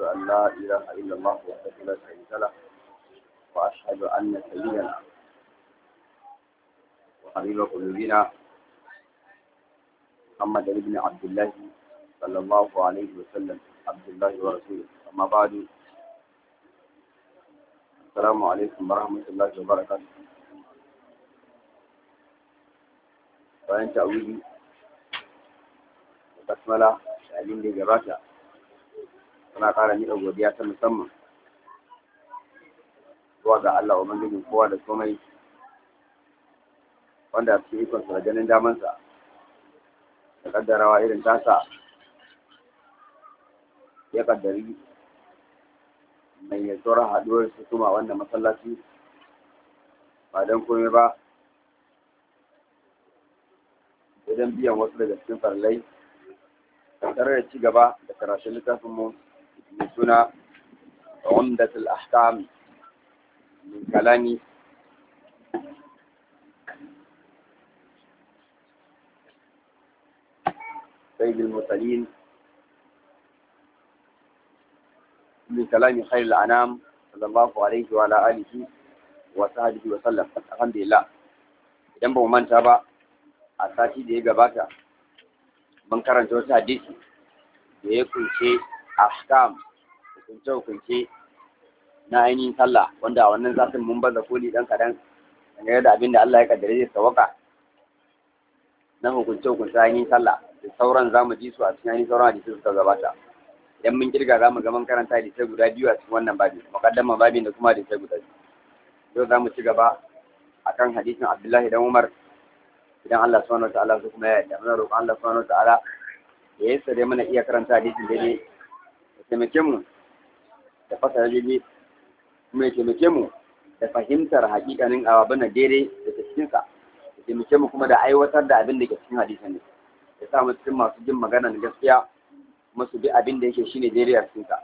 وأشهد أن لا إله إلا الله وحده لا شريك له وأشهد أن سيدنا وحبيب قلوبنا محمد بن عبد الله صلى الله عليه وسلم عبد الله ورسوله أما بعد السلام عليكم ورحمة الله وبركاته وأنت ta'awili da basmala da abin suna ƙara miƙa godiya ta musamman zuwa ga Allah Ubangijin kowa da komai wanda su ikon sa da ganin damansa da ƙaddarawa irin tasa ya ƙaddari mai tsoron haɗuwar su kuma wannan masallaci ba don komai ba idan biyan wasu daga cikin farlai tare da ci gaba da karatu littafin mu mai suna umdatul ahkam min kalami سيد المرسلين من كلام خير الأنام صلى الله عليه وعلى آله وصحبه وسلم الحمد لله idan ba manta ba a sati da ya gabata mun hadisi da ya kunshe ahkam hukunce hukunce na ainihin sallah wanda wannan wannan zafin mun baza koli dan kadan dangane da abin da Allah ya kaddare zai sawaka na hukunce hukunce ainihin sallah da sauran za mu ji su a cikin ainihin sauran hadisi suka gabata idan mun kirga za mu ga mun karanta hadisai guda biyu a cikin wannan babin muqaddama babin da kuma hadisai guda biyu yau za mu ci gaba a kan hadisin Abdullahi dan Umar idan Allah subhanahu wa ta'ala su kuma ya yarda muna roƙon Allah subhanahu wa ta'ala ya yi mana iya karanta hadisin daidai taimake mu da taimake mu da fahimtar hakikanin ababin daidai da ke cikinsa da taimake mu kuma da aiwatar da abin da ke cikin hadisan ne ya sa mu cikin masu jin na gaskiya masu bi abin da yake shine daidai a cikinsa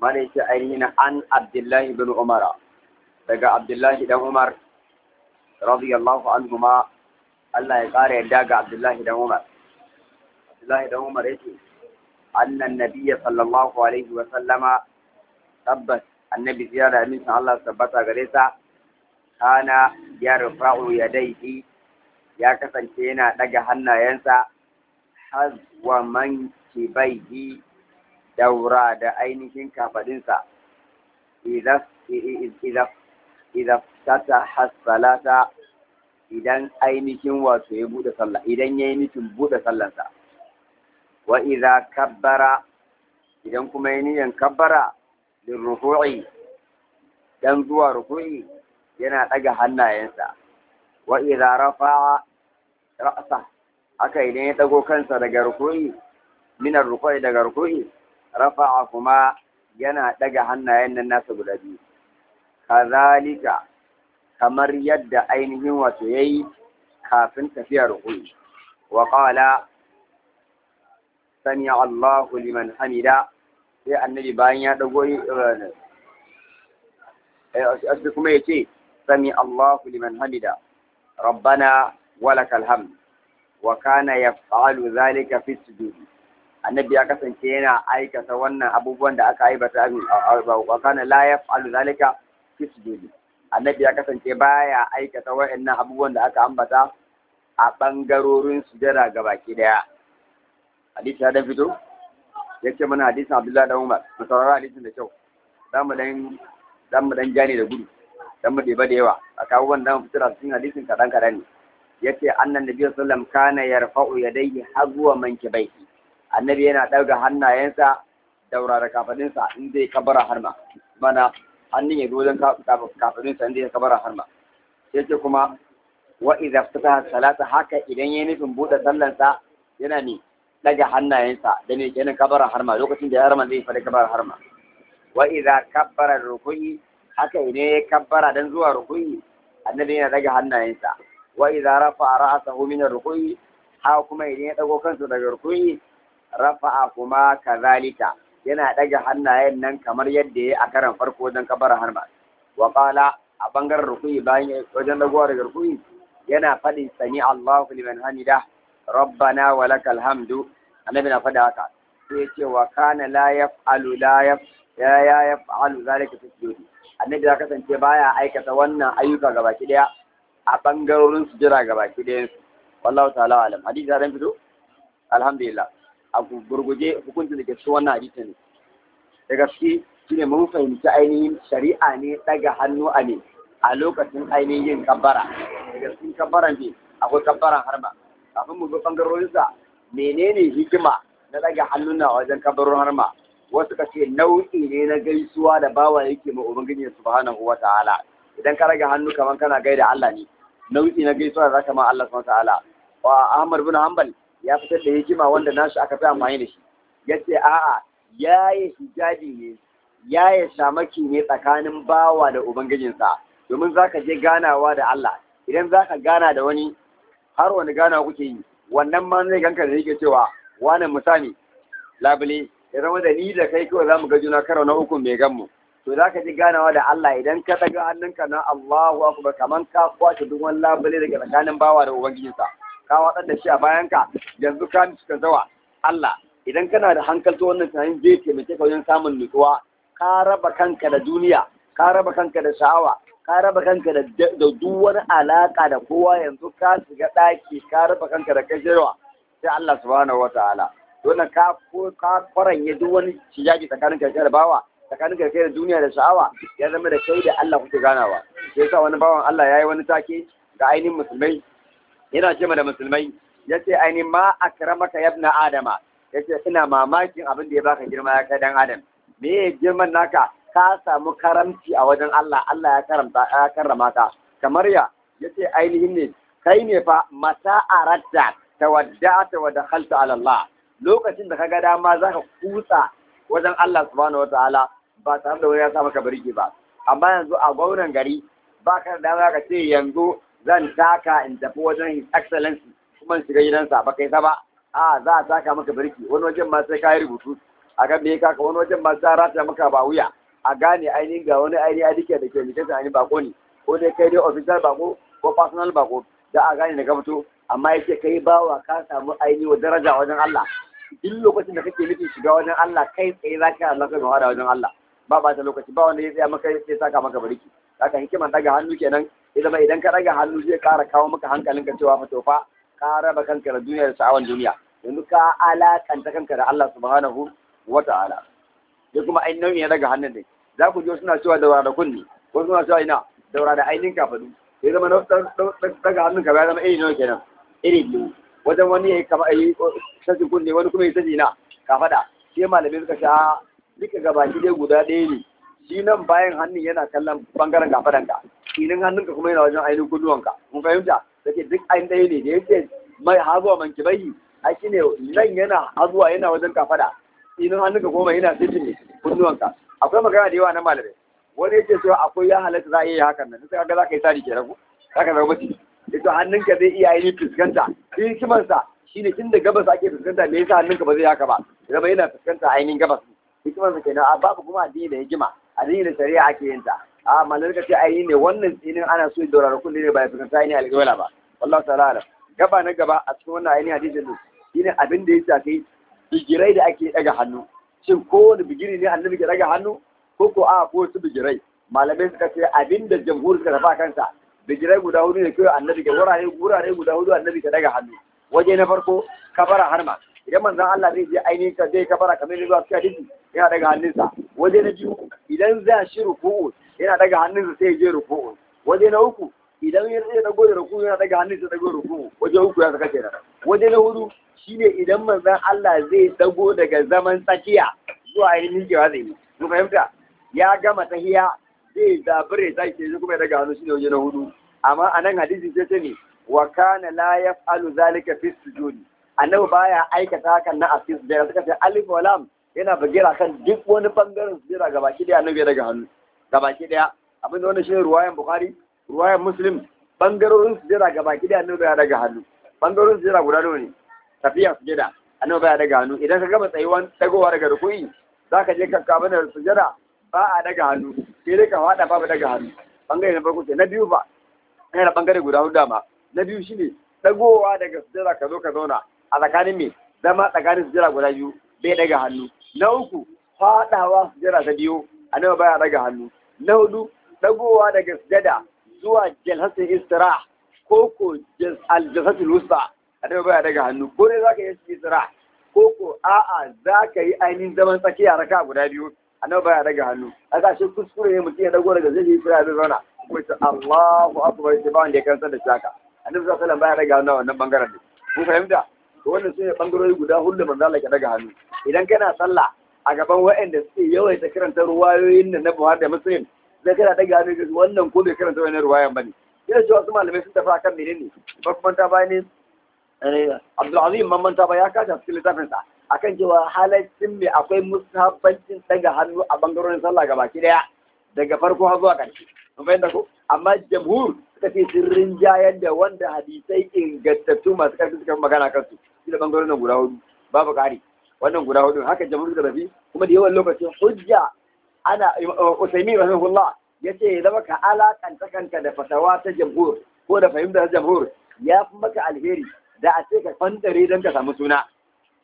mana yake ainihin an abdullahi bin umara daga abdullahi dan umar radiyallahu anhu ma Allah ya ƙara yadda ga abdullahi dan umar abdullahi dan umar yake annan nabiyya sallallahu alaihi wa sallama tabbas annabi ziyara da amincin Allah tabbata gare sa ya rufa'u yadaihi ya kasance yana ɗaga hannayensa hazwa man kibaihi daura da ainihin kafadinsa idan idan ainihin wato ya bude sallah idan ya yi nufin bude sallansa wa idza kabbara idan kuma yin niyan kabbara lirruku'i dan zuwa ruku'i yana ɗaga hannayensa wa idza rafa'a ra'sa haka idan ya ɗago kansa daga ruku'i minar ruku'i daga ruku'i rafa'a kuma yana ɗaga hannayen nan nasa guda biyu kazalika kamar yadda ainihin wato yayi kafin tafiya ruku'i wa qala sami Allahu liman hamida sai annabi bayan ya dago sai eh, eh, eh, kuma ya ce sami Allahu liman hamida rabbana walakal hamd wa kana yaf'alu zalika fi sujud annabi ya kasance yana aikata wannan abubuwan da aka aibata wa kana la yaf'alu zalika fi sujud annabi ya kasance baya aikata wa'annan abubuwan da aka ambata a bangarorin sujada gabaki daya hadisi ya dan fito ya ce mana hadisin abdullahi dan umar mu saurara hadisin da kyau za mu dan jani da gudu dan mu ɗeba da yawa a kawo wanda mu fitar cikin hadisin kaɗan kaɗan ne ya ce annan nabi sallam kana yarfa'u yadayhi hazuwa bai. annabi yana ɗaga hannayensa daura da kafadinsa in zai kabara harma mana hannun ya dole kafadinsa in zai kabara harma sai ce kuma wa idza fataha salata haka idan yayi nufin buɗe sallansa yana ne daga hannayensa da mai kenan kabara harma lokacin da ya harma zai fara kabara harma wa idza kabbara rukui haka ne ya kabbara dan zuwa rukui annabi yana daga hannayensa wa idza rafa ra'sahu min rukui ha kuma idan ya dago kansa daga rukui rafa kuma kazalika yana daga hannayen nan kamar yadda ya a karan farko dan kabara harma wa qala a bangaren rukui bayan wajen dagowa daga rukui yana faɗin sami Allahu liman hamida rabbana wa lakal hamdu annabi na faɗa haka sai ya ce wa kana la yaf'alu la yaf ya ya yaf'alu zalika fi sujudi annabi ya kasance baya aikata wannan ayyuka gabaki daya a bangarorin sujira gabaki dayan su wallahu ta'ala alam hadisi zan fito alhamdulillah a gurguje hukuncin da ke cikin wannan hadisi ne da gaske shine mun fahimci ainihin shari'a ne daga hannu a ne a lokacin ainihin kabbara daga cikin kabbaran ne akwai kabbaran harba kafin mu bi bangarorinsa menene hikima na ɗaga hannuna wajen kabarin harma wasu ka ce nau'i ne na gaisuwa da bawa yake ma ubangiji subhanahu wa ta'ala idan ka rage hannu kaman kana gaida Allah ne nau'i na gaisuwa da zaka ma Allah subhanahu wa ta'ala wa Ahmad bin Hambal ya fitar da hikima wanda nashi aka fi amfani da shi yace a'a yayi hijabi ne yayi shamaki ne tsakanin bawa da ubangijinsa domin ka je ganawa da Allah idan zaka gana da wani har wani gana kuke yi wannan ma zai ganka da yake cewa wani misali labule idan da ni da kai kawai zamu ga juna karo na uku mai gan mu to za ka ji ganawa da Allah idan ka daga hannunka na Allahu akbar kaman ka kwace duk wani labule daga tsakanin bawa da ubangijinsa ka watsar da shi a bayanka yanzu ka mishi ka zawa Allah idan kana da to wannan tunanin zai taimake ka wajen samun nutsuwa ka raba kanka da duniya ka raba kanka da sha'awa ka raba kanka da duk wani alaka da kowa yanzu ka shiga ɗaki ka raba kanka da kashirwa sai Allah subhanahu wataala wannan ka ka kwaranye duk wani shiyaki tsakanin kai-kai da bawa tsakanin kai-kai da duniya da sha'awa ya zama da kai da Allah kuke ganawa sai sa wani bawan Allah yayi wani take ga ainihin musulmai yana ce da musulmai yace ainihin ma akramaka yabna adama yace ina mamakin abin da ya baka girma ya kai dan adam me ya girman naka ka samu karamci a wajen Allah Allah ya karamta ya karrama ka kamar ya ce ainihin ne kai ne fa mata ta wadda ta wadda halta Allah lokacin da ka ga dama ka kusa wajen Allah subhanahu ta'ala, ba tare da wani ya sa maka birki ba amma yanzu a gwamnan gari ba ka da dama ka ce yanzu zan taka in tafi wajen his excellency kuma in shiga gidansa ba kai ba a za a taka maka birki wani wajen ma sai ka yi rubutu a kan me ka wani wajen ma sai rata maka ba wuya a gane ainihin ga wani ainihin adike da ke mutum ainihin bako ne ko dai kai dai official bako ko personal bako da a gane da ka fito amma yake kai bawa ka samu ainihin daraja wajen Allah duk lokacin da kake nufin shiga wajen Allah kai tsaye za ka Allah kai da wajen Allah ba ba ta lokaci ba wanda ya tsaya maka ya saka maka bariki haka hikiman daga hannu kenan ya zama idan ka daga hannu zai kara kawo maka hankalin ka cewa fa ka raba kanka da duniya da sa'awan duniya yanzu ka alakanta kanka da Allah subhanahu wa ta'ala da kuma ainihin nauyin ya daga hannun ne za ku je suna cewa daura da kunni ko suna cewa ina daura da ainihin kafadu sai zama daga hannun ka ya zama iri nawa kenan iri biyu wajen wani ya yi kama yi sashi kunne wani kuma ya sashi na kafada sai malamai suka sha duka gabaki dai guda ɗaya ne shi nan bayan hannun yana kallon bangaren kafadanka hannun ka kuma yana wajen ainihin ka mun fahimta da ke duk ainihin ɗaya ne da yake mai hazuwa man kibayi a shi ne nan yana hazuwa yana wajen kafada hannun ka kuma yana sirri ne kunnuwanka akwai magana da yawa na malamai wani yake cewa akwai ya halatta za a iya hakan nan sai kaga za ka yi sari kenan ragu? za ka zama mutum yato hannunka zai iya yi fuskanta hikimarsa shine tun da gabas ake fuskanta me yasa hannunka ba zai haka ba zama yana fuskanta ainihin gabas hikimarsa kenan a babu kuma addini da hikima addini da shari'a ake yin ta a ka ce ainihin ne wannan tsinin ana so da kullum ne ba ya fuskanta ainihin alƙawala ba wallahu ta'ala alam gaba na gaba a cikin wannan ainihin hadisin ne shine abin da ya shafi igirai da ake daga hannu shin kowane bigiri ne annabi ke daga hannu ko ko a ko su bigirai malamai suka ce abinda jamhur suka tafa kansa bigirai guda hudu ne kawai annabi ke wurare wurare guda hudu annabi ke daga hannu waje na farko kabara harma idan manzon Allah zai je ainihin ka zai kabara kamar ne zuwa cikin hadisi yana daga hannunsa waje na biyu idan zai shi ruku'u yana daga hannunsa sai ya je ruku'u waje na uku idan ya zai dago da ruku'u yana daga hannunsa dago ruku'u waje uku ya saka kenan waje na hudu shine idan manzon Allah zai dago daga zaman tsakiya zuwa yin miƙewa zai yi mu fahimta ya gama tahiya zai zabure ta ke zai kuma daga wani shine waje na hudu amma a nan hadisi sai ce ne wa kana la yaf'alu zalika fi sujudi annabi baya aikata hakan na afis da suka ce alif wa lam yana bagira kan duk wani bangaren sujada gabaki daya annabi daga hannu gabaki daya abinda wannan shine ruwayan bukhari ruwayan muslim bangarorin sujada gabaki daya annabi daga hannu bangarorin sujada guda nawa ne tafiya sujada annabi baya daga hannu idan ka gama tsayuwan dagowa daga rukuni ka je ka kama sujada ba a daga hannu sai dai ka fada babu daga hannu bangare na farko na biyu ba yana da bangare guda hudu ma na biyu shine dagowa daga sujada ka zo ka zauna a tsakanin me zama tsakanin sujada guda biyu bai daga hannu na uku fadawa sujada ta biyu annabi baya daga hannu na hudu dagowa daga sujada zuwa jalhasin istiraha ko ko aljalhatul wusta annabi baya daga hannu ko dai zaka yi istira ko ko a'a zaka yi ainihin zaman tsakiya raka guda biyu annabi baya daga hannu ga shi kuskure ne mutum ya dago daga zai yi istira zai zauna ko ta Allahu akbar shi ba wanda ya kansa da shaka annabi sallallahu alaihi baya daga hannu wannan bangaren ne ku fahimta to wannan sune bangarori guda hullu manzo Allah ya daga hannu idan kana sallah a gaban waɗanda suke yawaita karanta ruwayoyin nan na Buhari da Muslim zai kana daga hannu wannan ko bai karanta wannan ruwayan bane ina cewa su malamai sun tafi akan menene ba kuma ta bayanin Eh, Abdulazim Mamman Taba ya kaji a cikin littafinsa akan cewa halaccin mai akwai musabancin daga hannu a bangarorin sallah ga baki daya daga farko har zuwa ƙarshe. Mun fahimta ko? Amma jamhur suka ce sun rinjayar da wanda hadisai ingantattu masu ƙarfi suka fi magana kansu. Shi da bangarorin guda hudu babu ƙari. Wannan guda hudu haka jamhur da rafi kuma da yawan lokacin hujja ana eh, Usaimi rahimahullah ya ce ya zama ka alaƙanta kanka da fatawa ta jamhur ko da fahimtar jamhur ya fi maka alheri da a ce ka fantare don ka samu suna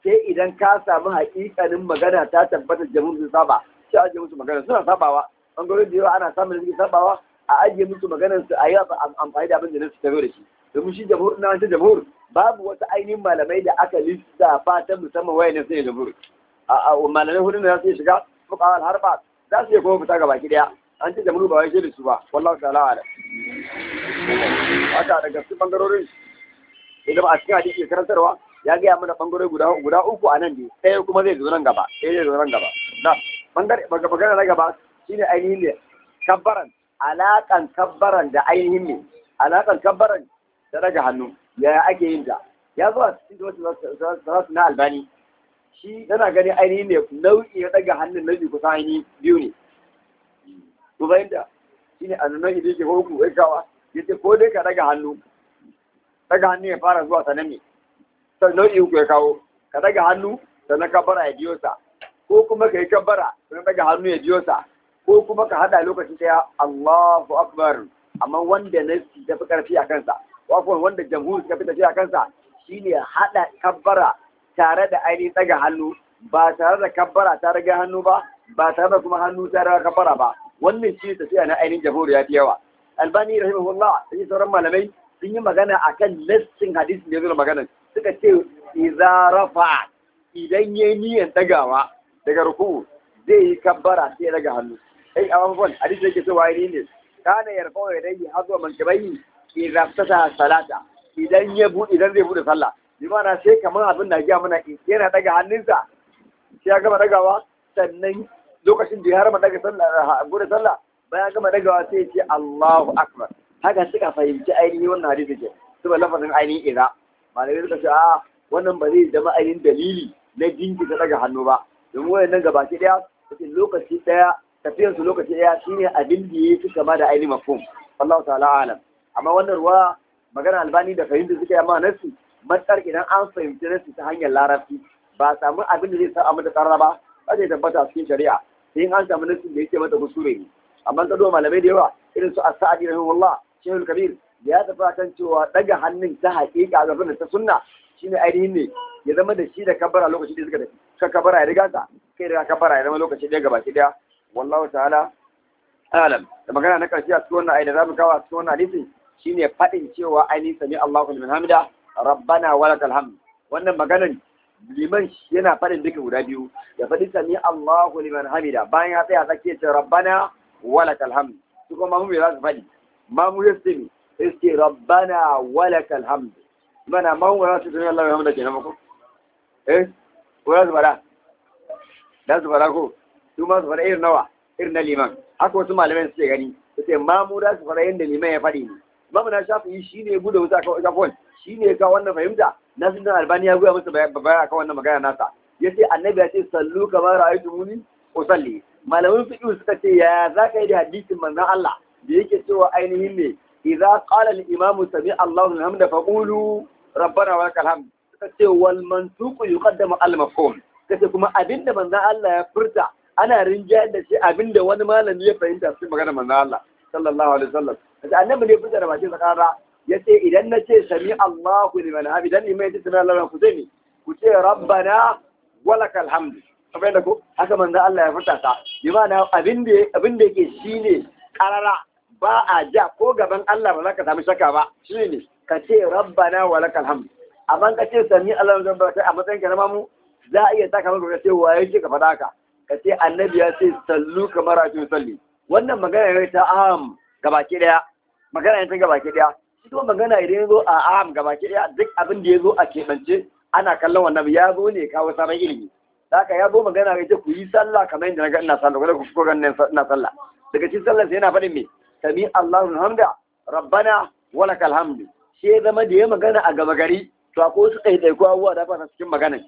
sai idan ka samu haƙiƙanin magana ta tabbata jamus sun saba sai ajiye musu magana suna sabawa Bangaren da yawa ana samun suke sabawa a ajiye musu maganar su a yi amfani da abin da nasu tafiya da shi domin shi jamhur na wancan jamhur babu wasu ainihin malamai da aka lissafa ta musamman wayannan sai jamhur a malamai hudun da za su iya shiga fukawar harba za su iya kuma fita gaba ki daya an ce jamhur ba wai shi da su ba wallahu ta'ala da. haka daga su bangarorin ya ba a cikin hadisi karantarwa ya gaya mana bangare guda guda uku a nan ne ɗaya kuma zai zo nan gaba ɗaya zai zo nan gaba na bangare bangare na gaba shine ainihin ne kabbaran alaƙan kabbaran da ainihin ne alaƙan kabbaran da daga hannu yaya ake yin ta ya zo a cikin wasu na albani shi yana gani ainihin ne nau'i ya daga hannun nau'i kusa ainihin biyu ne ku fahimta shi ne annabi da yake ko ku ya ce ko dai ka daga hannu daga hannu ya fara zuwa sanami sai nau'i uku ya kawo ka daga hannu sannan bara ya biyo sa ko kuma ka yi bara sannan daga hannu ya biyo sa ko kuma ka hada lokaci daya Allahu akbar amma wanda nasi ta fi karfi a kansa wakon wanda jamhur suka fi tafi a kansa shine hada kabbara tare da ainihin daga hannu ba tare da kabbara ta rage hannu ba ba tare da kuma hannu ta riga kabbara ba wannan shi tafiya na ainihin jamhur ya fi yawa albani rahimahullah sai sauran malamai sun yi magana akan lissin hadisin da ya zura magana suka ce iza rafa idan yi niyan dagawa daga ruku'u zai yi kabbara sai ya daga hannu ai a wannan hadisi ke cewa yi ne kana yarfa'u yadayhi hazwa yi idza ftata salata idan ya bu idan zai bude sallah bi sai kamar abin da ya mana yana daga hannunsa sai ya gama dagawa sannan lokacin da ya harama daga sallah gure sallah bayan gama dagawa sai ya ce Allahu akbar haka suka fahimci ainihin wannan hadisi ke saboda lafazin ainihin idza malamai suka ce a wannan ba zai zama ainihin dalili na jinkirta daga hannu ba domin gaba gabaki daya cikin lokaci daya tafiyar su lokaci daya shine abin da ya fi kama da ainihin mafhum Allah ta'ala alam amma wannan ruwa magana albani da fahimta suka yi amma nasu matsar idan an fahimci nasu ta hanyar larabci ba samu abin da zai sa amma da tsara ba ba zai tabbata a cikin shari'a sai an samu nasu da yake mata gusure ne amma tsado malamai da yawa irin su as rahimahullah shehul kabir da ya tafi akan cewa daga hannun ta haƙiƙa ga da ta sunna shine ainihin ne ya zama da shi da kabara lokaci da suka tafi ka kabara ya riga ta kai da kabara ya zama lokaci da gaba ɗaya wallahu ta'ala alam da magana na ƙarshe a cikin wannan aida zamu kawo a cikin wannan hadisi shine faɗin cewa ainihin sami Allahu liman hamida rabbana walakal hamd wannan maganan liman yana faɗin duka guda biyu ya faɗi sami Allahu liman hamida bayan ya tsaya sake ce rabbana walakal hamd su kuma mu za su mamu ya sami iske rabbana walakal hamd mana mamu wala su sami Allah hamda ke ko eh wala su fara da su fara ko su ma su fara irin nawa irin na liman haka wasu malamai ce gani ma mamu da su fara yadda liman ya faɗi ne mamu na shafi shi ne gudu wuta ka kafon shi ne ka wannan fahimta na sun albani ya goya musu baya ka wannan magana nasa ya ce annabi ya ce sallu kamar ra'aytu muni usalli malamin fiqh suka ce ya za ka yi da hadisin manzon Allah da yake cewa ainihin ne idza qala al imamu sami Allahu liman hamda fa qulu rabbana wa lakal hamd suka ce wal mantuqu yuqaddamu al mafhum kace kuma abinda manzon Allah ya furta ana rinjayar da shi abinda wani malami ya fahimta cikin magana manzon Allah sallallahu alaihi wasallam kace annabi ne furta da bakin sakara yace idan nace sami Allahu liman hamd idan imai ta tana Allah ku sani ku ce rabbana wa lakal hamd kamar da ko haka manzon Allah ya furta ta bi ma'ana abinda abinda yake shine karara ba a ja ko gaban Allah ba za ka sami shaka ba shi ne ka ce rabbana wa lakal hamd amma ka ce sami Allah zan barka a matsayin ka na mamu za a iya saka maka ce wa yake ka fada ka ka ce annabi ya ce sallu kamar ake salli wannan magana ne ta am gabaki daya magana ne ta gabaki daya shi kuma magana idan ya zo a am gabaki daya duk abin da ya zo a keɓance ana kallon wannan ya zo ne kawo sabon ilimi haka ya zo magana ya ce ku yi sallah kamar yadda na ga ina sallah ko ku ko ganin ina sallah daga cikin sallah sai yana faɗin me sami Allahun hamda rabbana wala kalhamdu. hamdu shi ya zama da ya magana a gaba gari to akwai wasu ɗaiɗaiku abubuwa da ba sa cikin magana?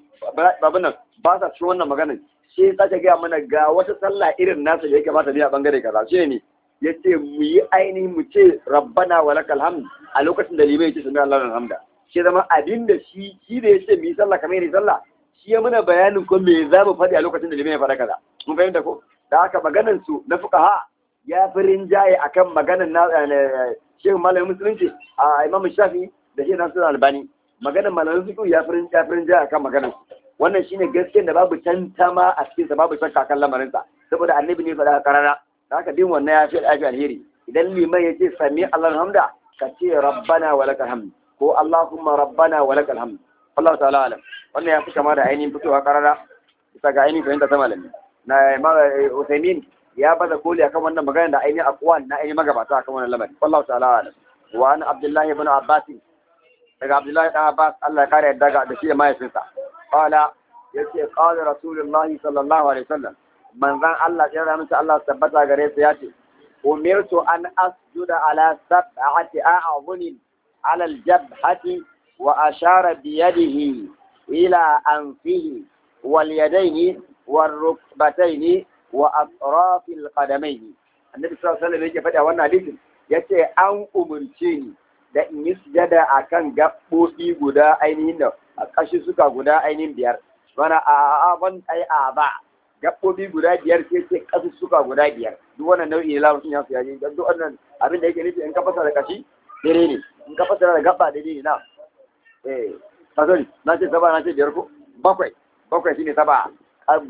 Babu nan ba sa cikin wannan magana? shi ya ta gaya mana ga wata sallah irin nasa da ya kamata ne a bangare kaza shi ne ya ce mu yi aini mu ce rabbana wala kalhamdu. hamd a lokacin da limai ya ce sami Allahun hamda shi zama abin da shi shi da ya ce mu yi sallah kamar yi sallah shi ya muna bayanin ko me za mu faɗi a lokacin da limai ya faɗa kaza mun fahimta ko da haka maganan su na ha? ya fi rinjaye akan maganar na eh, eh, shehu malamin musulunci a imam shafi da shehu nasu albani maganar malamin fiqh ya fi rinjaye kan maganar wannan shine gaskiyar da babu tantama a cikin sa babu shakka kan lamarinsa. saboda annabi ne faɗa karara haka bin wannan ya fi alheri idan liman ya ce sami Allah hamda ka ce rabbana wa lakal hamd ko allahumma rabbana wa lakal hamd Allah ta'ala alam wannan ya fi kama da ainihin fitowa karara bisa ga ainihin fahimta ta malami na eh, Usaimin ya baza koli akan wannan magana da ainihin akwan na ainihin magabata akan wannan lamarin wallahu ta'ala alam wa an abdullahi ibn abbas daga abdullahi dan abbas Allah ya kare daga da shi ya mahaifinsa qala yace qala rasulullahi sallallahu alaihi wasallam manzan Allah ya rama ta Allah tabbata gare sa yace umirtu an asjuda ala sab'ati a'zunin ala aljabhati wa ashara bi yadihi ila anfihi wal yadayni والركبتين wa atrafil qadamaihi annabi sallallahu alaihi wasallam yake faɗa wannan hadisin yace an umurce ni da in yi sujada akan gabbobi guda ainihin da kashi suka guda ainihin biyar wana a ban ai a ba gabbobi guda biyar sai ce kashi suka guda biyar duk wannan nau'i ne lamun ya fiye dan duk wannan abin da yake nufi in ka fasa da kashi dare ne in ka fasa da gabba dare ne na eh sorry na ce saba na ce biyar ko bakwai bakwai shine saba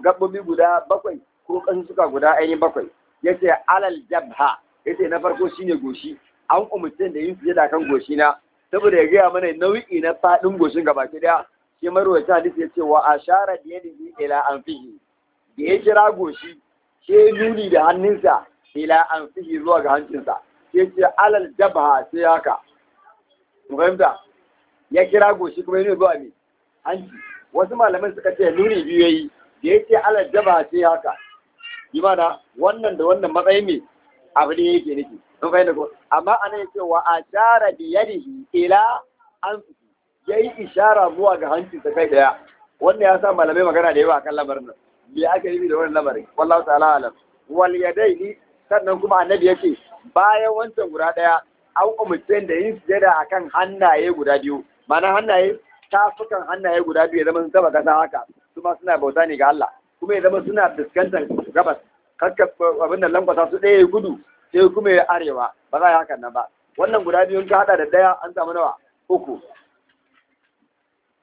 gabbobi guda bakwai ko suka guda ainihin bakwai ya ce alal jabha ya ce na farko shine goshi an umarci da yin da kan goshi na saboda ya gaya mana nau'i na faɗin goshin gaba ki daya shi marwata hadisi ya ce wa ashara da yadihi ila an fihi da ya kira goshi ke nuni da hannunsa ila an fihi zuwa ga hancinsa Ya ce alal jabha sai haka Muhimta ya kira goshi kuma yana zuwa mai hanci wasu malaman suka ce nuni biyu yayi da ya ce alal jabha sai haka bi mana wannan da wannan matsayin ne abu ne yake nufi don fahimta ko amma anan cewa wa ashara bi yadihi ila ya yi ishara zuwa ga hancin ta kai daya wanda ya sa malamai magana da yawa akan lamarin nan me ake yi da wannan lamarin wallahu ta'ala alam wal ni sannan kuma annabi ce bayan wancan guda daya an umarci da yin sujada akan hannaye guda biyu ma'ana hannaye tafukan hannaye guda biyu ya zama sun taba kasa haka su ma suna bauta ne ga Allah kuma ya zama suna fuskantar gabas kakka abin nan lambata su ɗaya gudu sai kuma ya arewa ba za a yi hakan nan ba wannan guda biyun ka hada da daya an samu nawa uku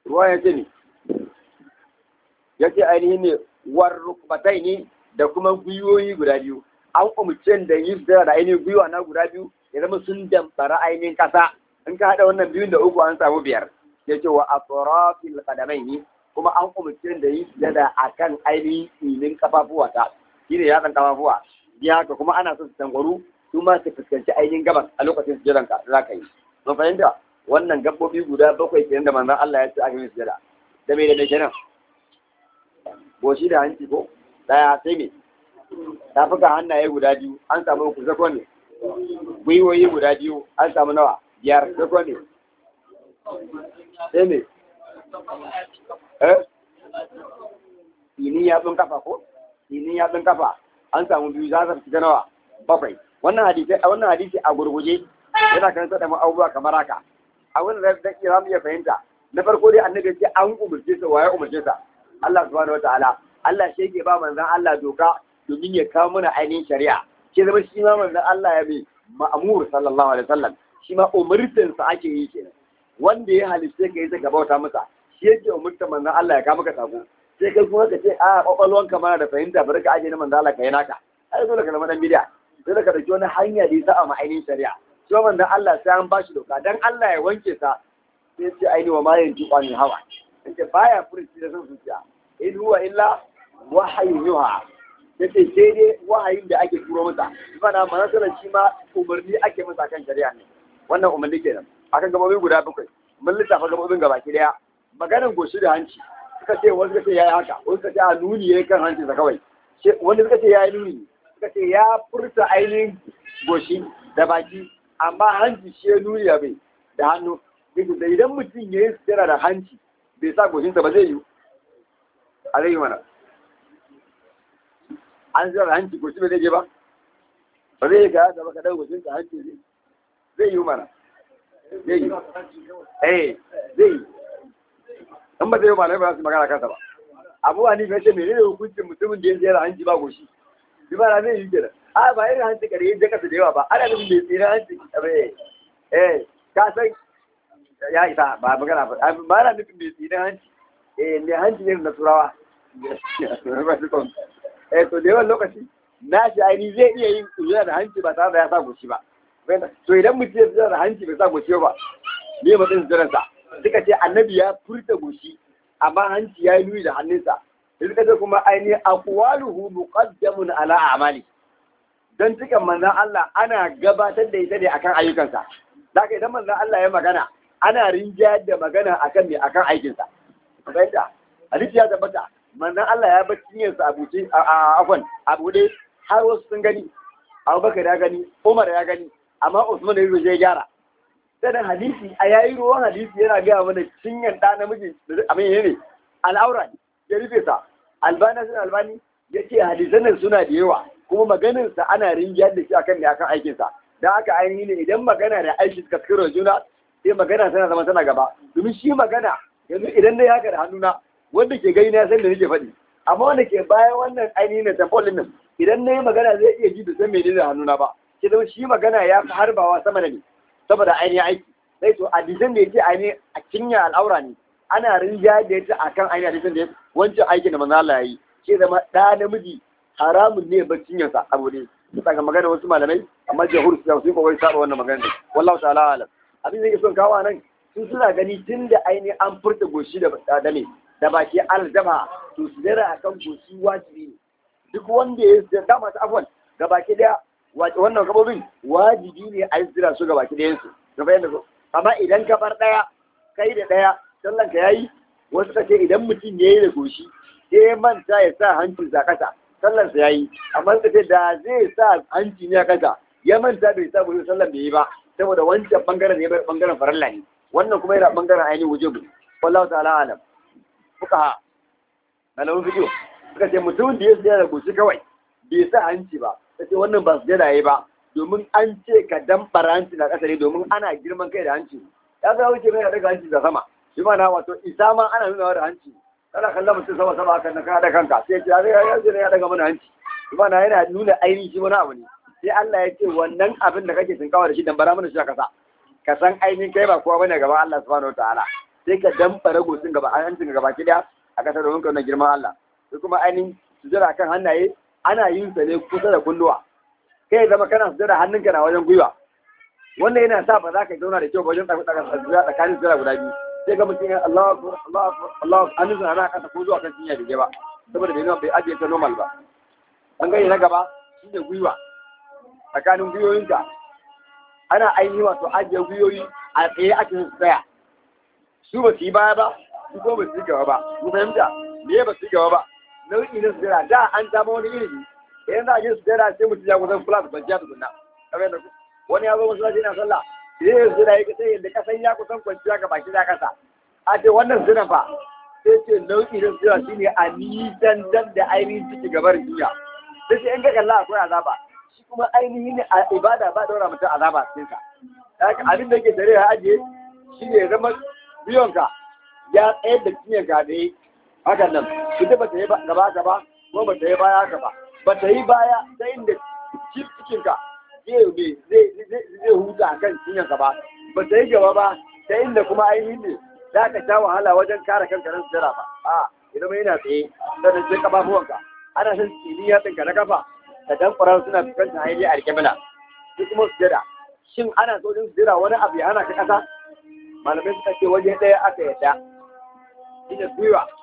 ruwa ya ce ne ya ce ainihin ne war rukbatai ne da kuma gwiwoyi guda biyu an umarci da yi da ainihin gwiwa na guda biyu ya zama sun damfara ainihin kasa in ka hada wannan biyun da uku an samu biyar ya ce wa atrafil qadamaini kuma an umarci da yi da akan ainihin ilin kafafuwa ta shine yatsan fuwa, ya haka kuma ana son su tangwaru su ma su fuskanci ainihin gabas a lokacin sujadan ka za ka yi mun fahimta wannan gabobi guda bakwai kenan da manzon Allah ya ce a yi sujada da me da me kenan Boshi da hanci ko daya sai me fuka hannaye guda biyu an samu uku zakon ne gwiwoyi guda biyu an samu nawa biyar zakon ne sai me eh ini ya tsun kafa ko sittin ya tsin kafa an samu biyu za su fita nawa bakwai wannan hadisi a wannan hadisi a gurguje yana sa da abubuwa kamar haka a wannan da zan iya mu iya fahimta na farko dai annabi ce an umurce sa waye umurce sa Allah subhanahu wataala Allah shi yake ba manzon Allah doka domin ya kawo mana ainihin shari'a ke zama shi ma manzon Allah ya bi ma'amur sallallahu alaihi wasallam shi ma umurtin sa ake yi kenan wanda ya halice ka yi zaka bauta masa shi yake umurta manzon Allah ya kawo maka sako sai kai kuma ka ce a kwakwalwan mana da fahimta bari ka ajiye na manzala ka yi naka ai dole ka zama dan bidiya dole ka dauki wani hanya da ya a ma'ainin shari'a man dan Allah sai an bashi doka dan Allah ya wanke sa sai ce aini wa ma yanzu kwanin hawa yace baya shi da san zuciya in huwa illa wahayun yuha ce sai dai wahayin da ake turo masa mana manasarar shi ma umarni ake masa kan shari'a ne wannan umarni kenan akan gabobi guda bakwai mun lissafa gabobin gabaki daya maganar goshi da hanci suka ce wani suka ce ya yi haka wani suka ce a nuni yi kan hancinsa kawai wani suka ce ya yi nuni suka ce ya furta ainihin goshi da baki amma hanci shi ya nuni bai da hannu da idan mutum ya yi sujjara da hanci bai sa goshinsa ba zai yi a zai yi mana an sujjara da hanci goshi ba zai je ba ba zai yi ga gaba ka dago goshinsa hanci zai yi mana zai yi eh, zai yi in ba zai yi malamai ba su magana kansa ba abu hanifa ya ce menene hukuncin mutumin da ya tsira hanci ba goshi bi ba na zai yi kenan a ba irin hanci kare yin jakasa da yawa ba ana nufin mai tsira hanci kare eh, eh ka san ya isa ba magana ba ba ana nufin mai tsira hanci eh mai hanci ne na turawa eh to da yawan lokaci na shi ainihin zai iya yin tsira da hanci ba tare da ya sa goshi ba to idan mutum ya tsira da hanci bai sa goshi ba me matsayin tsiransa suka ce annabi ya furta goshi amma hanci ya yi nuni da hannunsa suka ce kuma ainihin aqwaluhu muqaddamun ala amali dan cikin manzon Allah ana gabatar da ita ne akan ayyukansa zaka idan manzon Allah ya magana ana rinjayar da magana akan me akan aikinsa fahimta hadisi ya tabbata manzon Allah ya bar cinyarsa a buce a afwan abu dai har wasu sun gani Abubakar ya gani Umar ya gani amma Usman da Yusuf ya gyara sanin hadisi a yayi ruwan hadisi yana gaya mana cinyar da namiji abin ne al'aura ya rufe sa albani sun albani ya ce hadisan suna da yawa kuma maganinsa ana ringiyar da shi akan ne akan aikinsa da haka ainihi ne idan magana da aiki suka kira juna sai magana tana zama tana gaba domin shi magana yanzu idan na haka da hannuna wanda ke gani na san da nake faɗi amma wanda ke bayan wannan ainihin na tamfolin nan idan na yi magana zai iya ji da san menene da hannuna ba ke zama shi magana ya fi harbawa sama da ni saboda ainihin aiki sai to a dizin da yake ainihin a cinya al'aura ne ana rinja da yake akan ainihin dizin da wancan aikin da manzo Allah yayi shi zama da namiji haramun ne ba cinya sa abu ne daga magana wasu malamai amma jahur su sun kokari saba wannan magana ne wallahi ta'ala alam abin da yake son kawo nan sun suna gani tun da ainihin an furta goshi da dame da baki aljaba to su zira akan goshi wajibi ne duk wanda ya dama ta afwan ga baki daya wannan gabobin wajibi ne a yi zira su ga baki ɗayan su gaba yadda su amma idan ka bar ɗaya kai da ɗaya sallan ka yayi wasu ka ce idan mutum ya yi da goshi ke manta ya sa hancin sa kasa sallan sa yayi amma ka ce da zai sa hanci ne kasa ya manta bai sa goshi sallan bai yi ba saboda wancan bangaren ne bangaren faralla ne wannan kuma yana bangaren ainihin wujubu wallahu ta'ala alam fuqaha malamin fiqh suka ce mutum da ya tsaya da goshi kawai bai sa hanci ba ta ce wannan ba su jada ba domin an ce ka damfara hancin na ƙasa ne domin ana girman kai da hanci ya sa wuce mai da daga hanci da sama shi ma na wato isa ma ana nuna da hanci kana kallon mutum sama sama kanna kana da kanka sai ce ya zai ya daga mana hanci shi ma na yana nuna ainihin shi wani abu ne sai Allah ya ce wannan abin da kake tunkawa da shi dambara mana shi a kasa ka san ainihin kai ba kowa bane gaba Allah subhanahu wataala sai ka dambara gosin gaba hancin gaba ki daya a kasa domin ka nuna girman Allah sai kuma ainihin jira kan hannaye ana yin sa ne kusa da gulluwa kai zama kana sujada hannunka na wajen gwiwa wannan yana sa ba za ka zauna da kyau ba wajen sujada tsakanin sujada guda biyu sai ga mutum ya Allahu akbar Allahu akbar Allahu akbar hannunsa na kasa ko zuwa kan cinya da ba saboda bai bai ajiye ta normal ba bangare na gaba shine gwiwa tsakanin gwiwoyinka ana ainihi wato ajiye gwiwoyi a tsaye ake su tsaya su ba su yi baya ba su ko ba su yi gaba ba mu fahimta me ba su yi gaba ba nau'i na sujada da an dama wani ilimi yanzu a je sujada sai mutum ya kusan kula da kwanciya da sunna kamar yadda wani ya zo masallaci na sallah sai ya sujada ya sai yadda kasan ya kusan kwanciya ga baki da kasa a ce wannan sunan fa sai ce nau'i na sujada shine a nisan dan da ainihin ciki gabar duniya sai ce in ga kalla akwai azaba shi kuma ainihin a ibada ba daura mutum azaba cikin ka abin da yake tare ya ajiye shine ne zama biyonka ya tsayar da cinyar ka hakan nan ita ba ta yi gaba ka ba ko ba ta yi baya ka ba ta yi baya ta inda cikinka zai huta a kan cinyanka ba ba ta yi gaba ba ta inda kuma ainihin ne za ka sha wahala wajen kare kanka nan sujara ba a idan mai yana tsaye sannan sai kafafuwanka ana son tsini ya tsinka na kafa da dan ƙwararru suna ta hanyar a mana su kuma su jira. shin ana so din jira wani abu ya hana ka ƙasa malamai suka ce waje ɗaya aka yadda ina ne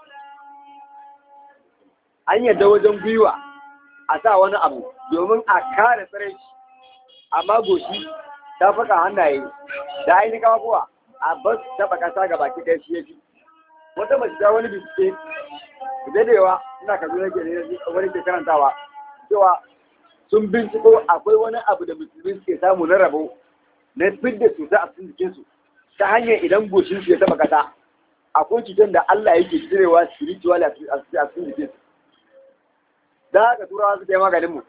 an yadda wajen gwiwa a sa wani abu domin a kare tsirai amma goshi ta faka hannaye da ainihin kafafuwa a bas baka ƙasa ga baki ɗaya shi ya fi wata mace ta wani bincike daidaiwa ina kazo nake ne wani ke karantawa cewa sun binciko akwai wani abu da musulmi suke samu na rabo na fidda cuta a cikin jikinsu ta hanyar idan goshin su ya taɓa ƙasa akwai cutar da Allah yake cirewa spiritual a cikin jikinsu da haka turawa suka yi maganin mu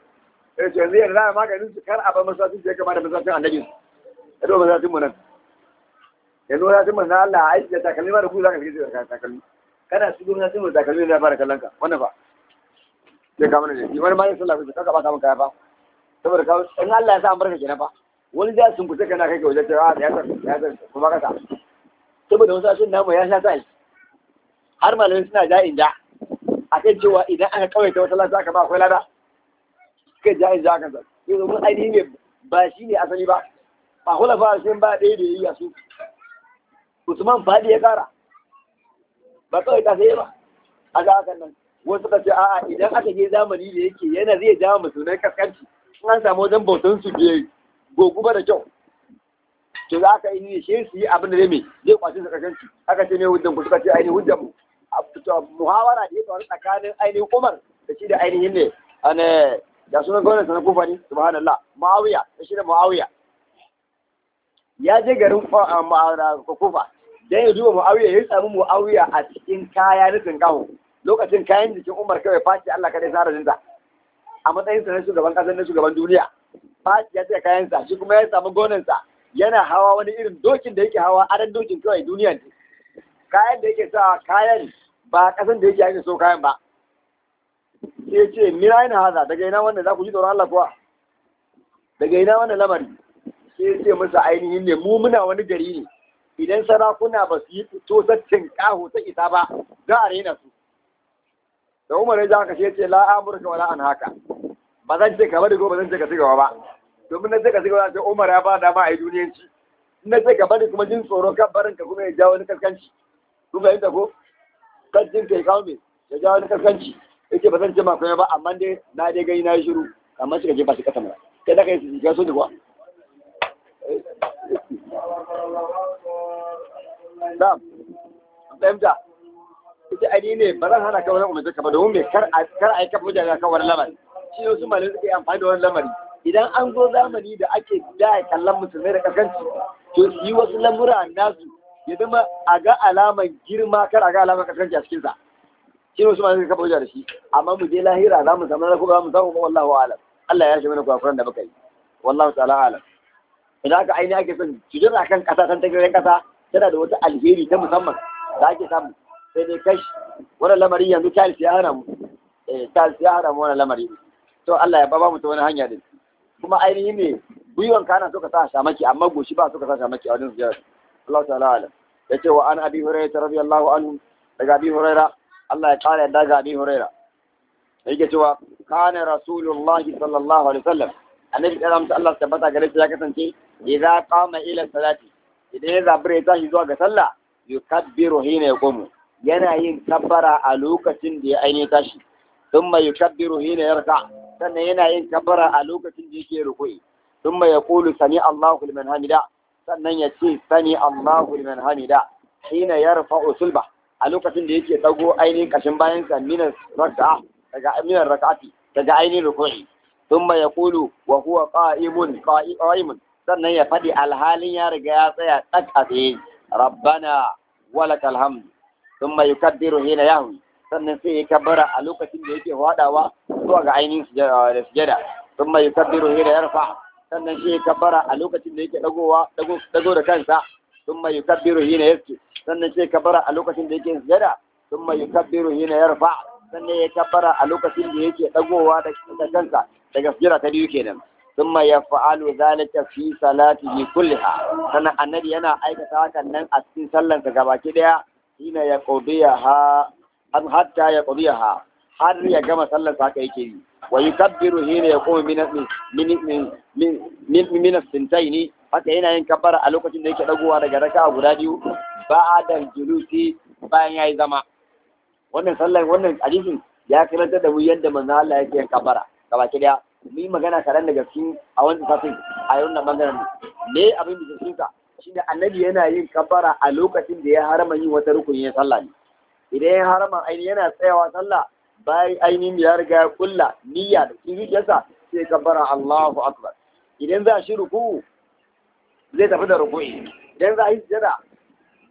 sai ce yanzu yanzu maganin su kar a bar masallacin da ya kama da masallacin annabi ya zo masallacin mu nan yanzu masallacin mu na Allah a da takalmi ma da ku za ka fice da takalmi kana shigo masallacin mu da takalmi ne fara kallon ka wannan ba zai kama da jiki wani ma yin sallah kuka ba kama kaya ba saboda kawo in Allah ya sa an barka kenan fa wani za sun kusa kana kai ka wajen cewa ah, ya san ya san kuma kasa saboda wasu asun namu ya sha sai har malamai suna da inda a kan cewa idan aka kawai ta wata lada aka ba akwai lada suka jayin za ka zan yanzu mun ainihin ne ba shi ne asali ba a hula fara sai ba ɗaya da ya su usman faɗi ya kara ba kawai ta sai ba a ga hakan nan wasu ka ce a'a idan aka je zamani da yake yana zai jawo musulmai kaskanci in an samu wajen bautan su gogu goguba da kyau to za ka yi ne shi su yi abin da zai mai zai kwace su kaskanci aka ce ne hujjan ku suka ce ainihin hujjan mu muhawara da ya faru tsakanin ainihin Umar da shi da ainihin ne Ya da sunan gwamnati na kufa ne subhanallah Muawiya da shi da Muawiya ya je garin kufa dan ya duba Muawiya ya samu Muawiya a cikin kaya na tingaho lokacin kayan jikin Umar kawai fashi Allah kadai sa rajinta a matsayin sa na shugaban kasar na shugaban duniya fashi ya tsaya kayan sa shi kuma ya samu gonan sa yana hawa wani irin dokin da yake hawa adan dokin kawai duniya ne kayan da yake sa kayan ba kasan da yake ake so kayan ba sai ya ce mira ina haza daga ina wannan za ku ji tsoron Allah kuwa daga ina wannan lamari sai ya ce musu ainihin ne mu muna wani gari ne idan sarakuna ba su yi tosattin kaho ta isa ba za a raina su da umar ya haka sai ya ce la amurka wala an haka ba zan ce ka bari ko ba zan ce ka cigaba ba domin na ce ka cigaba sai umar ya ba dama a yi duniyanci na ce ka bari kuma jin tsoro kan barin ka kuma ya jawo wani kaskanci kun fahimta ko kan jin kai kawo me ya ja wani kaskanci ce ba zan jima kuma ba amma dai na dai gani na yi shiru amma shi ka ba su kasa mara kai da kai su ga so da kuwa na'am fahimta ita ani ne ba zan hana kawai wani umarci ka ba domin me kar a yi kafa mutane kan wani lamari shi ne su malin suke amfani da wani lamari idan an zo zamani da ake da kallon musulmai da kaskanci to su yi wasu lamura nasu ya zama a ga alaman girma kar a ga alaman kaskanci a cikinsa shi ne wasu ma suka kafa hujja da shi amma mu je lahira za mu samu na kuma mu samu kuma wallahu alam Allah ya shi mana kuran da muka yi wallahu ta'ala alam idan aka aini ake son a kan kasa san tagaren kasa tana da wata alheri ta musamman da ake samu sai dai kashi, wannan lamari yanzu tiles ya haramu? mu eh, ya hana wannan lamari to Allah ya baba mu ta wani hanya din kuma ainihi ne gwiwan kana so ka sa shamaki amma goshi ba so ka sa shamaki a wajen sujada Allah ta'ala alam ya ce wa an abi hurairah radiyallahu anhu daga abi hurairah Allah ya kare daga abi hurairah yake cewa kana rasulullahi sallallahu alaihi wasallam annabi da ramsa Allah tabbata gare shi ya kasance idza qama ila salati idan ya zabure ya tashi zuwa ga sallah yukabbiru hina yaqumu yana yin kabbara a lokacin da ya aine tashi yukabbiru hina sannan yana yin kabbara a lokacin da yake ruku'i ya Kulu sani Allahu liman hamida sannan ya ce sani Allahu liman hamida ya yarfa'u Usulba a lokacin da yake dago ainihin kashin bayan sa minas raka'a daga minar raka'ati daga ainihin ruku'i thumma yaqulu wa huwa qa'imun qa'imun sannan ya faɗi alhalin ya riga ya tsaya tsak a tsaye rabbana walakal hamd thumma yukaddiru hina yahwi sannan sai ya kabbara a lokacin da yake hwadawa zuwa ga ainihin sujada thumma yukaddiru hina yarfa sannan shi kabbara a lokacin da yake dagowa dago da kansa thumma yukabbiru hina yasjud sannan shi kabbara a lokacin da yake sujada thumma yukabbiru hina yarfa sannan ya kabbara a lokacin da yake dagowa da kansa daga sujada ta biyu kenan ثم يفعل ذلك في صلاته كلها Sannan النبي yana aikata hakan nan a cikin sallan ka gabaki daya shine ya qudiyaha an hatta ya qudiyaha har ya gama sallar sa haka yake yi wa yukabbiru hina yaqumu min min min min as-sintaini haka yana yin kabbara a lokacin da yake dagowa daga raka'a guda biyu Ba ba'da julusi bayan yayi zama wannan sallan wannan hadisin ya karanta da wuyan da manzo Allah yake yin kabbara gabaki daya mu yi magana karan daga cikin a wannan satin a wannan magana ne abin da sun ka shine annabi yana yin kabbara a lokacin da ya harama yin wata rukunin ya sallah ne idan ya harama ainihin yana tsayawa sallah bayan ainihin ya riga ya kulla niyya da cikin yasa sai kabbara Allahu akbar idan za shi ruku zai tafi da ruku idan za shi sujada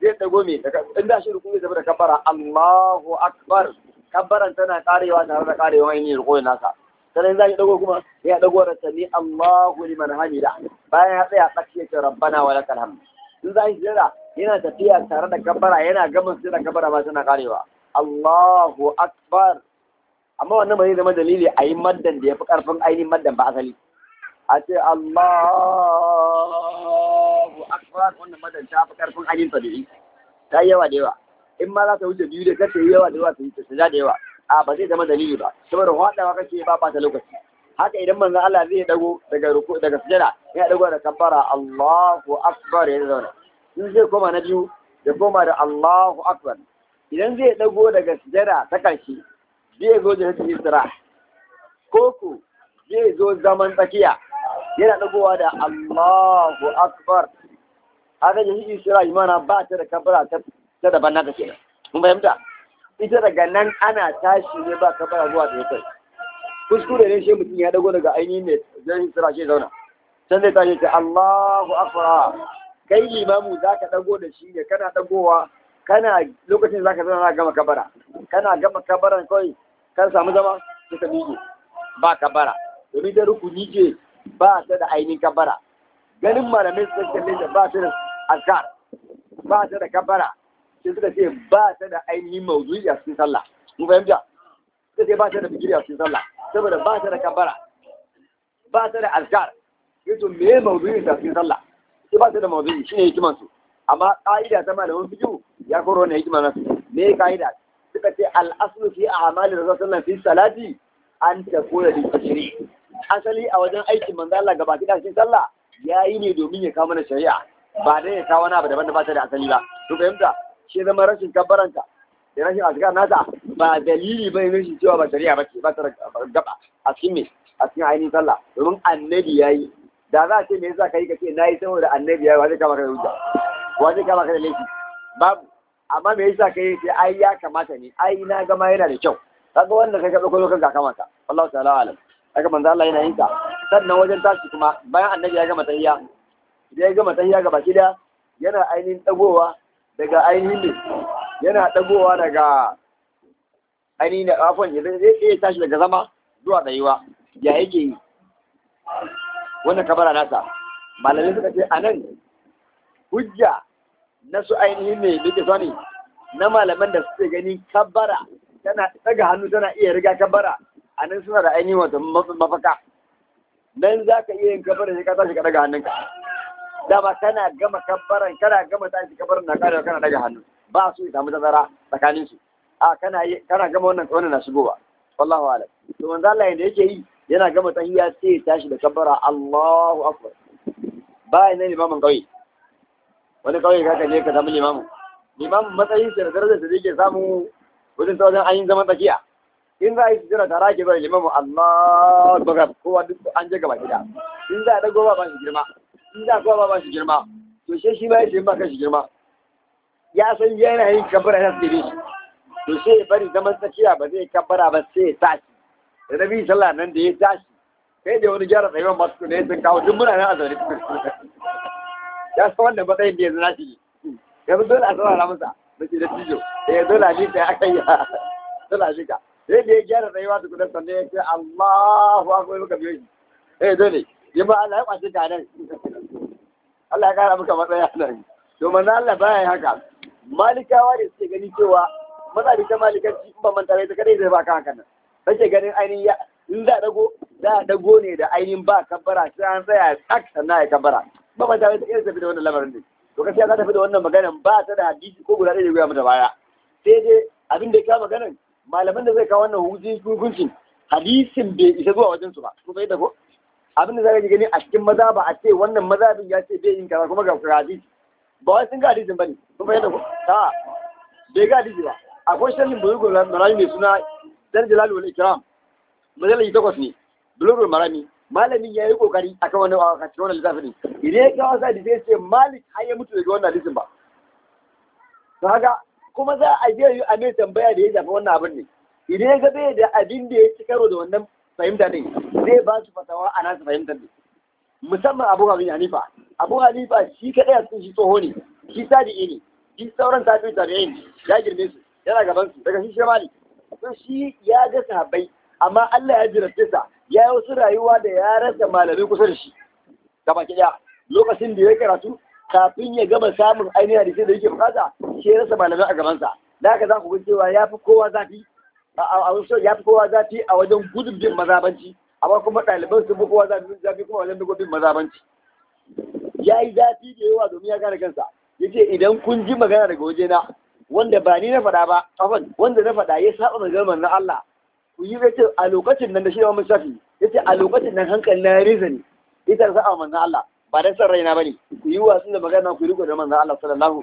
zai dago me in za shi ruku zai tafi da kabbara Allahu akbar kabbaran tana karewa tare da karewa ainihin ruku'in nasa sannan za shi dago kuma ya dago da sani Allahu liman hamida bayan ya tsaya tsakiyar ce rabbana wa lakal hamd in za shi sujada yana tafiya tare da kabbara yana gama sujada kabbara ba tana karewa Allahu akbar amma wannan ba zai zama dalili a yi maddan da ya fi ƙarfin ainihin maddan ba asali a ce Allahu akbar wannan maddan ta fi ƙarfin ainihin tabi'i ta yi yawa da yawa in ma za ta wuce biyu da kace yawa da yawa ta wuce su da yawa a ba zai zama dalili ba saboda hadawa kake ba ba ta lokaci haka idan manzo Allah zai dago daga ruku daga sujada ya dago da kabbara Allahu akbar ya zauna in zai koma na biyu ya koma da Allahu akbar idan zai dago daga sujada ta karshe zai zo jannatul isra koko zai zo zaman tsakiya yana dagowa da Allahu akbar haka jannatul isra mana ba ta da kabara ta daban naka kenan mun fahimta ita daga nan ana tashi ne ba kabara zuwa da yakai kuskure ne shi mutum ya dago daga ainihin ne jannatul isra shi zauna can zai tashi ta Allahu akbar kai limamu za ka dago da shi ne kana dagowa kana lokacin za ka zana gama kabara kana gama kabaran kawai kan samu zama sai ta miƙe ba kabara domin da rukuni ce ba ta da ainihin kabara ganin malamai su kan da ba ta da azkar ba ta da kabara sai suka ce ba ta da ainihin mawdu'i a cikin sallah mun fahimta suka ce ba ta da bigiri a cikin sallah saboda ba ta da kabara ba ta da azkar yato me ye mawdu'i a cikin sallah sai ba ta da mawdu'i shine hikiman su amma ƙa'ida ta malamin fiqh ya koro ne hikiman su me ka'ida suka ce al'aslu fi a'malin rasulullah fi salati an takuna da tashri asali a wajen aikin manzo Allah gaba kida cikin sallah ya yi ne domin ya kawo mana shari'a ba dai ya kawo wani abu daban da ba ta da asali ba to fahimta shi zama rashin kabbaranta da rashin azkar nasa ba dalili bane rashin cewa ba shari'a ba ce ba ta gaba a cikin me a cikin ainihin sallah domin annabi yi. da za a ce me yasa kai ka ce na yi saboda annabi ya yi, zai kama ka da hujja wa zai kama ka da laifi babu amma me yasa kai sai ai ya kamata ne ai na gama yana da kyau kaga wanda kai ka dauko lokacin ga kamata wallahi ta'ala alam kaga manzo Allah yana yin ka sannan wajen tashi kuma bayan annabi ya gama tahiyya idan ya gama tahiyya gaba baki da yana ainihin dagowa daga ainihin ne yana dagowa daga ainihin da afon idan zai iya tashi daga zama zuwa dayuwa ya yake yi wannan kabara nasa malamai suka ce anan hujja na su ainihin mai likitani na malaman da suke gani kabbara tana daga hannu tana iya riga kabbara a nan suna da ainihin wata mafaka nan za ka iya yin kabbara shi ka tashi ka daga hannunka dama kana gama kabbaran kana gama tashi kabbaran na karewa kana daga hannu ba su samu tazara tsakanin su a kana kana gama wannan wannan na shigowa wallahu alam to manzo Allah yanda yake yi yana gama tahiyya sai ya tashi da kabbara Allahu akbar ba ne limamin kauye wani kawai ka kaje ka zama limamu limamu matsayin shi da darajar da yake samu wajen ta wajen ayin zaman tsakiya in za a yi sujjada tara ke zai limamu Allah akbar kowa duk an je gaba gida in za a dago ba ba shi girma in za a kowa ba ba shi girma to sai shi ba ya ba ka shi girma ya san yana yin kabbara ya suke shi to sai ya bari zaman tsakiya ba zai kabbara ba sai ya tashi da nabi sallah nan da ya tashi kai da wani gyara tsayuwan masu ne sun kawo duk muna nan a zaune ya san wanda matsayin da yanzu na shi yanzu dole a saurara masa mace da tijo da eh, ya dole ni sai aka yi dole shiga sai da ya gyara rayuwa su kudan sannan ya ce Allahu Akwai muka biyo shi eh dole ya ba Allah ya kwace ka nan Allah ya kara maka matsaya nan to manzo Allah baya yi haka malikawa da suke gani cewa mazhabi ta malikanci in ba man tare ta kadai zai baka haka nan take ganin ainihin ya in za a dago za a dago ne da ainihin ba kabbara sai an tsaya tsak sannan ya kabbara ba ba ta irin tafi da wannan lamarin ne to gaskiya ka tafi da wannan maganan ba ta da hadisi ko guda ɗaya da goya mata baya sai dai abin da ya kawo maganan malaman da zai kawo wannan hukuncin hadisin bai isa zuwa wajen su ba ko bai da ko abin da za ka ji gani a cikin maza ba a ce wannan maza bin ya ce bai yin kaza kuma ga hadisi ba wai sun ga hadisin bane ko bai da ko a bai ga hadisi ba akwai shannin bulugul marami mai suna dan jalal wal ikram majalai takwas ne bulugul marami malamin ya yi kokari akan wannan a cikin lissafi ne. idan ya kawo sa sai ce malik har ya mutu daga wannan hadisin ba to haka kuma za a je yi a mai tambaya da ya shafi wannan abin ne idan ya gabe da abin da ya ci karo da wannan fahimta ne zai ba su fatawa a nasu fahimtar ne musamman abu abin hanifa abu hanifa shi kaɗai a cikin shi tsoho ne shi sadi'i ne shi sauran tafi tabi'in ne ya girme su yana gaban su daga shi shemali to shi ya ga sahabbai amma Allah ya jirafta sa ya yi wasu rayuwa da ya rasa malamai kusa da shi gaba ki ɗaya, lokacin da ya karatu kafin ya gama samun ainihin hadisai da yake bukata shi ya rasa malamai a gabansa da haka za ku ga cewa ya fi kowa zafi ya fi kowa zafi a wajen gudun bin mazabanci amma kuma ɗaliban sun fi kowa zafi kuma wajen bin mazabanci ya yi zafi da yawa domin ya gane kansa ya ce idan kun ji magana daga wajena wanda ba ni na faɗa ba wanda na faɗa ya saba maganar na Allah ku yi zai ce a lokacin nan da shi yawan musafi ya ce a lokacin nan hankali na riza ne ita a manzan Allah ba dan san raina bane ku yi wasu da magana ku riko da manzan Allah sallallahu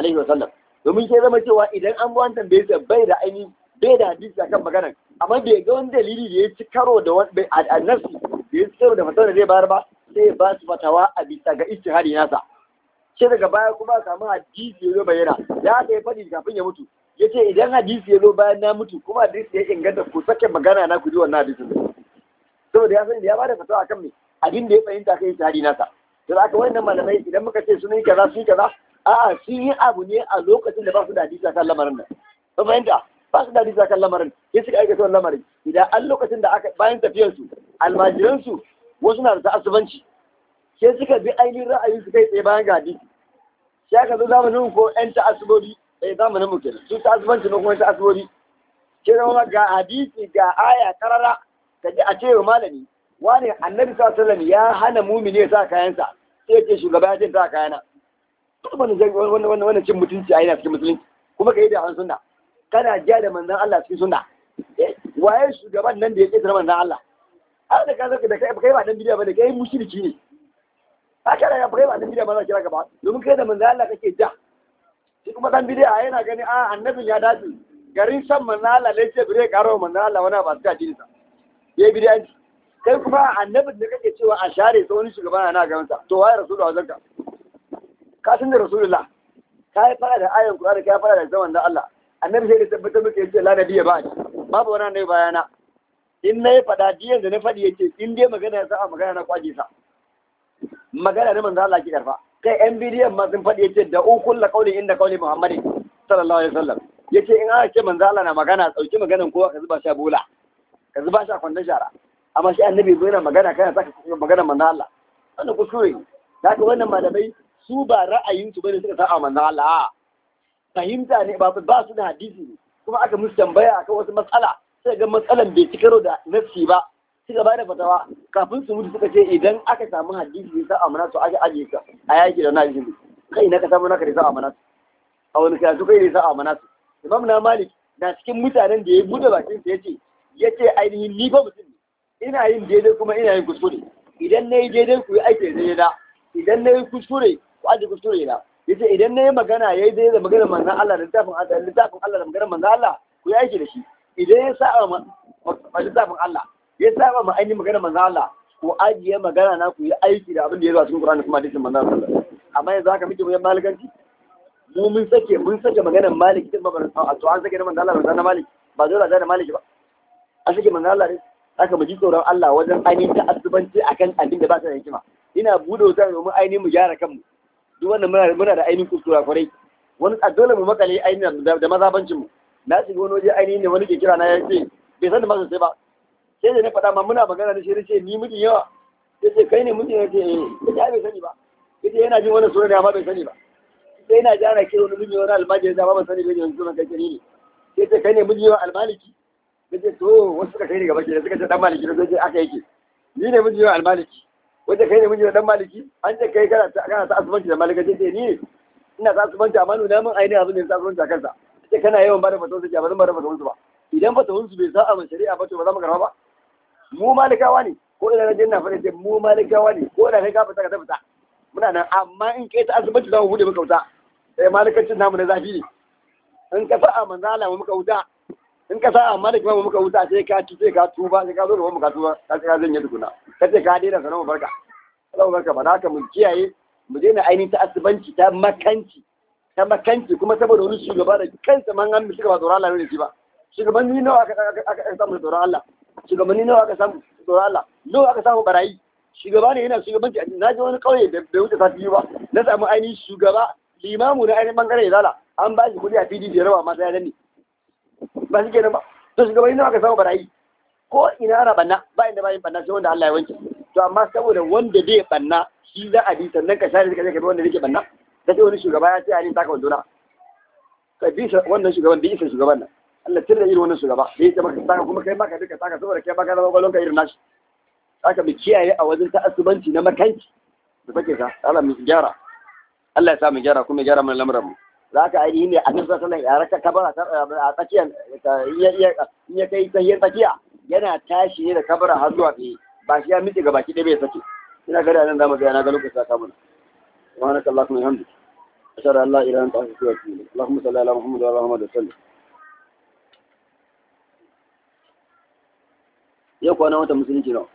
alaihi wa sallam domin ke zama cewa idan an buwan tambaye sa bai da aini bai da hadisi akan magana amma bai ga wani dalili da ya ci karo da wani annasi da ya ci karo da fatawar da zai bayar ba sai ba su fatawa a bisa ga ijtihadi nasa sai daga baya kuma samu hadisi ya zo bayyana ya ta yi faɗi kafin ya mutu ya ce idan hadisi ya zo bayan na mutu kuma hadisi ya inganta ku sake magana na ku ji wannan hadisin saboda ya sani da ya bada fatawa akan me abin da ya fahimta kai tari nasa to aka wannan malamai idan muka ce sun yi kaza sun yi kaza a'a sun yi abu ne a lokacin da ba su da hadisi akan lamarin nan ka fahimta ba su da hadisi akan lamarin ya suka aika wannan lamarin idan an lokacin da aka bayan tafiyar su almajiran su wasu na da ta'assubanci sai suka bi ainihin ra'ayin su kai tsaye bayan ga hadisi sai aka zo zamanin ko 'yan ta'assubobi eh zamanin mu kenan su tasubanci ne kuma tasubori ke zama ga hadisi ga aya karara ka ji a cewa malami wani annabi sallallahu alaihi ya hana mumini ya sa kayansa sai ke shugaba ya ce sa kayana wannan cin mutunci a yana cikin musulunci kuma ka yi da an sunna kana jiya da manzan Allah cikin sunna eh, waye shugaban nan da ya ƙetare manzan Allah har da kasar da kai ba dan bidiya ba da kai mushriki ne A haka da kai ba dan bidiya ba za ka kira ka ba domin kai da manzan Allah kake ja shi kuma dan bid'a yana gani a ah, annabin ya dace garin san manna Allah lai ce bire karo manna Allah wani ba su ka dinin sa yayi bid'a kai kuma annabin da kake cewa a share sai wani shugaba yana gaban sa to wai rasulullah wajen ka ka san da rasulullah ka yi fara da ayan Qur'ani ka fara da zaman da Allah annabi sai da tabbatar muke yace la nabiyya ba babu wani annabi bayana in nayi fada diyan da na fadi yace in dai magana ya sa magana na kwaje sa magana ne manzo Allah ki karfa kai yan bidiyon ma sun faɗi ce, da ukun la ƙaunin inda ƙaunin muhammadin sallallahu alaihi wasallam ce in aka ce manzo Allah na magana sauki maganan kowa ka zuba shi a bola ka zuba shi a kwandon shara amma shi annabi zo yana magana kana saka magana manzo Allah wannan kuskure haka wannan malamai su ba ra'ayin su bane suka sa a manzo Allah fahimta ne ba ba su da hadisi kuma aka musu tambaya akan wasu matsala sai ga matsalan bai ci karo da nafsi ba suka bada fatawa kafin su mutu suka ce idan aka samu hadisi ya sa amana to aka aje ka a yaki da na jini kai na ka samu naka da sa amana a wani su kai da sa amana imam na malik na cikin mutanen da ya bude bakin sa yace yace ainihin ni ba mutum ne ina yin daidai kuma ina yin kuskure idan na yi daidai ku yi aiki da daida idan na yi kuskure ku aje kuskure na yace idan na yi magana yi daidai da maganar manzan Allah da littafin Allah da littafin Allah da maganar manzan Allah ku yi aiki da shi idan ya sa a littafin Allah ya saba ma ainihin magana manzala ko ku ajiye magana na ku yi aiki da abin da ya zuwa a cikin Qur'ani kuma da manzo Allah amma yanzu haka muke muyan malikanci mu mun sake mun sake maganar maliki din mabar a to an sake da manzo Allah manzo na maliki ba zai da maliki ba an sake manzala ne haka mu ji tsoron Allah wajen ainihin ta'assubanci akan abin da ba ta da hikima ina bude wuta domin ainihin mu gyara kanmu duk wanda muna muna da ainihin kuskura kwarai wani a dole mu makale ainihin da mazabancin mu na shiga wani waje ainihin ne wani ke kira na ya ce bai san da masa sai ba sai da faɗa ma muna magana da shi ya ce ni mijin yawa ya ce kai ne mijin ya ce eh. ya bai sani ba ya ce yana jin wannan sunan amma bai sani ba sai yana ji ana kira wani mijin wani almajiri da ba sani bai yanzu sunan kai ne ya ce kai ne mijin yawa almaliki ya ce to wasu suka kai ne gaba ke suka ce dan maliki da ce eh, aka yake ni ne mijin yawa almaliki wanda kai ne mijin yawa dan maliki an ce kai kana kana ta asibanci da malika ce ni ne ina ta asibanci amma nuna min ainihin abin da ya ta asibanci a kansa ce kana yawan ba da fatawar su ba zan ba da fatawar ba idan fatawar bai sa'a mai shari'a ba to ba za mu karba ba mu malikawa ne ko da na jinna fara ce mu malikawa ne ko da kai ka fita ka fita muna nan amma in kai ta azubanci za mu bude maka wuta sai eh, malikancin namu na zafi ne in ka sa'a Allah mu muka wuta in ka sa'a malik mu muka wuta sai ka ci sai ka tuba sai ka zo gaban mu ka tuba ka ce ka zanya tukuna ka ce ka daina sanan barka Allah barka bana ka mun kiyaye mu daina ainihin ta asibanci ta makanci ta makanci kuma saboda wani shugaba da kansa man an shugaba tsoron Allah ne shi ba shugabanni nawa aka samu tsoron Allah shugabanni nawa aka samu tsoron Allah nawa aka samu barayi shugaba ne yana shugabanci a na ji wani kauye da bai wuce sati ba na samu ainihin shugaba limamu na ainihin bangare zala an ba shi kudi a fili da rawa masu yanar ne ba shi kenan ba to shugabanni nawa aka samu barayi ko ina ana banna ba inda bayin banna sai wanda Allah ya wanke to amma saboda wanda zai banna shi za a bi sannan ka share ka je ka bi wanda yake banna kace wani shugaba ya ce a ni taka na. ka bi wannan shugaban bi isa shugaban nan Allah tunda irin wannan shugaba da yake baka saka kuma kai maka duka saka saboda kai baka da gwalon ka irin nashi haka mu kiyaye a wajen ta'assubanci na makanki da kake ka Allah mu gyara Allah ya sa mu gyara kuma gyara mana lamuran mu zaka ai ne a nan sallan ya raka kabara a tsakiyan in ya kai sahiyar tsakiya yana tashi ne da kabara har zuwa tsaye ba shi ya miƙe ga baki ɗaya bai sake ina gari a nan zamu ga na ga lokacin saka mana subhanaka allahumma wa ashhadu an la ilaha illa anta astaghfiruka wa atubu ilaik allahumma salli ala muhammad wa ala alihi wa sallam yau kwana wata musulunci nawa